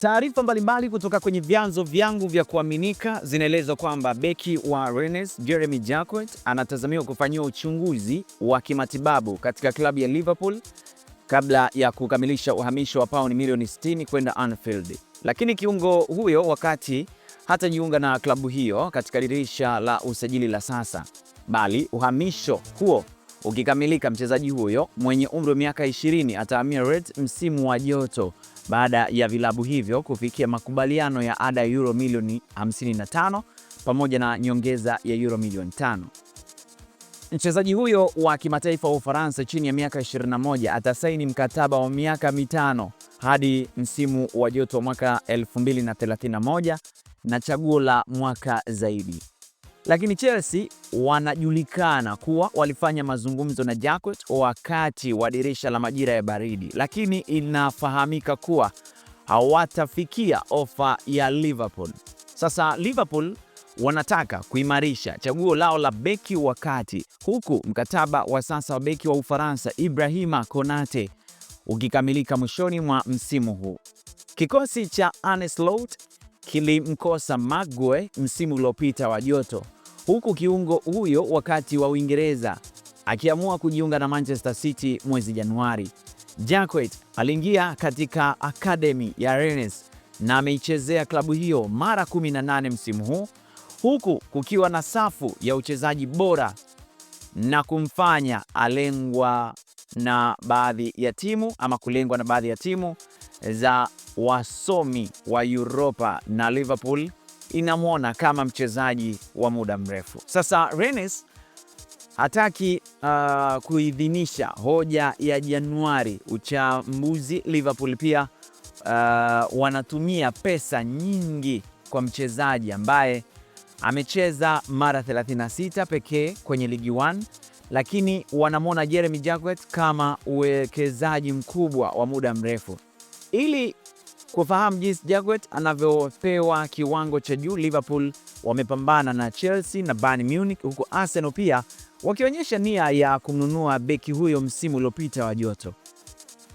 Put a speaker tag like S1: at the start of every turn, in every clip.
S1: Taarifa mbalimbali kutoka kwenye vyanzo vyangu vya kuaminika zinaeleza kwamba beki wa Rennes Jeremy Jacquet anatazamiwa kufanyiwa uchunguzi wa kimatibabu katika klabu ya Liverpool kabla ya kukamilisha uhamisho wa pauni milioni 60 kwenda Anfield, lakini kiungo huyo wakati hatajiunga na klabu hiyo katika dirisha la usajili la sasa, bali uhamisho huo ukikamilika, mchezaji huyo mwenye umri wa miaka 20 atahamia Rennes msimu wa joto baada ya vilabu hivyo kufikia makubaliano ya ada ya euro milioni 55 pamoja na nyongeza ya euro milioni 5. Mchezaji huyo wa kimataifa wa Ufaransa chini ya miaka 21 atasaini mkataba wa miaka mitano hadi msimu wa joto wa mwaka 2031 na chaguo la mwaka zaidi. Lakini Chelsea wanajulikana kuwa walifanya mazungumzo na Jacquet wakati wa dirisha la majira ya baridi, lakini inafahamika kuwa hawatafikia ofa ya Liverpool. Sasa Liverpool wanataka kuimarisha chaguo lao la beki wa kati, huku mkataba wa sasa wa beki wa Ufaransa Ibrahima Konate ukikamilika mwishoni mwa msimu huu. Kikosi cha Arne Slot kilimkosa magwe msimu uliopita wa joto, huku kiungo huyo wakati wa Uingereza akiamua kujiunga na Manchester City mwezi Januari. Jacquet aliingia katika akademi ya Rennes na ameichezea klabu hiyo mara 18 msimu huu huku kukiwa na safu ya uchezaji bora na kumfanya alengwa na baadhi ya timu ama kulengwa na baadhi ya timu za wasomi wa Europa na Liverpool inamwona kama mchezaji wa muda mrefu. Sasa Rennes hataki uh, kuidhinisha hoja ya Januari. Uchambuzi, Liverpool pia uh, wanatumia pesa nyingi kwa mchezaji ambaye amecheza mara 36 pekee kwenye ligi 1 lakini wanamwona Jeremy Jacquet kama uwekezaji mkubwa wa muda mrefu. Ili kufahamu jinsi Jaguet anavyopewa kiwango cha juu. Liverpool wamepambana na Chelsea na Bayern Munich, huku Arsenal pia wakionyesha nia ya kumnunua beki huyo msimu uliopita wa joto,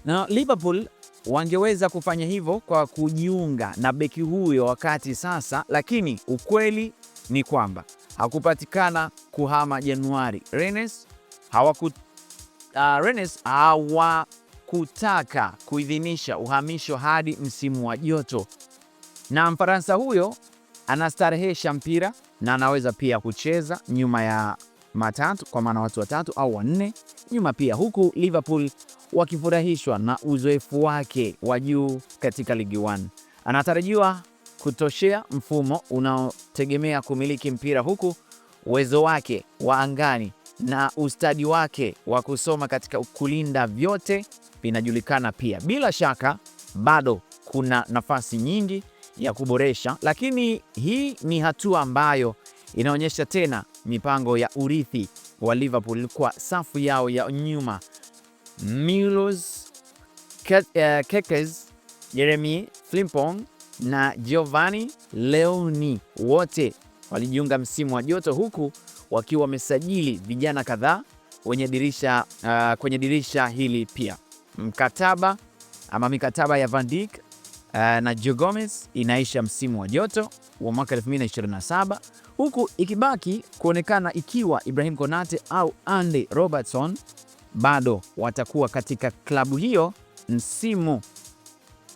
S1: na Liverpool wangeweza kufanya hivyo kwa kujiunga na beki huyo wakati sasa, lakini ukweli ni kwamba hakupatikana kuhama Januari. Rennes hawaku uh, Rennes hawa kutaka kuidhinisha uhamisho hadi msimu wa joto, na Mfaransa huyo anastarehesha mpira na anaweza pia kucheza nyuma ya matatu, kwa maana watu watatu au wanne nyuma pia, huku Liverpool wakifurahishwa na uzoefu wake wa juu katika Ligi 1. Anatarajiwa kutoshea mfumo unaotegemea kumiliki mpira huku uwezo wake wa angani na ustadi wake wa kusoma katika kulinda vyote vinajulikana pia. Bila shaka bado kuna nafasi nyingi ya kuboresha, lakini hii ni hatua ambayo inaonyesha tena mipango ya urithi wa Liverpool kwa safu yao ya nyuma. Milos eh, Kekes, Jeremy Flimpong na Giovanni Leoni wote walijiunga msimu wa joto, huku wakiwa wamesajili vijana kadhaa wenye dirisha, uh, kwenye dirisha hili pia. Mkataba ama mikataba ya Van Dijk uh, na Joe Gomez inaisha msimu wa joto wa mwaka 2027 huku ikibaki kuonekana ikiwa Ibrahim Konate au Andy Robertson bado watakuwa katika klabu hiyo msimu.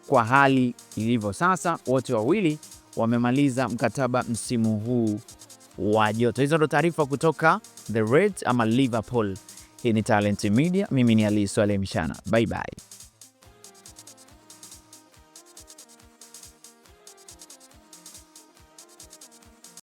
S1: Kwa hali ilivyo sasa, wote wawili wamemaliza mkataba msimu huu wa joto. Hizo ndo taarifa kutoka The Reds ama Liverpool. Hii ni Talent Media, mimi ni Ali Swale Mshana. Bye bye.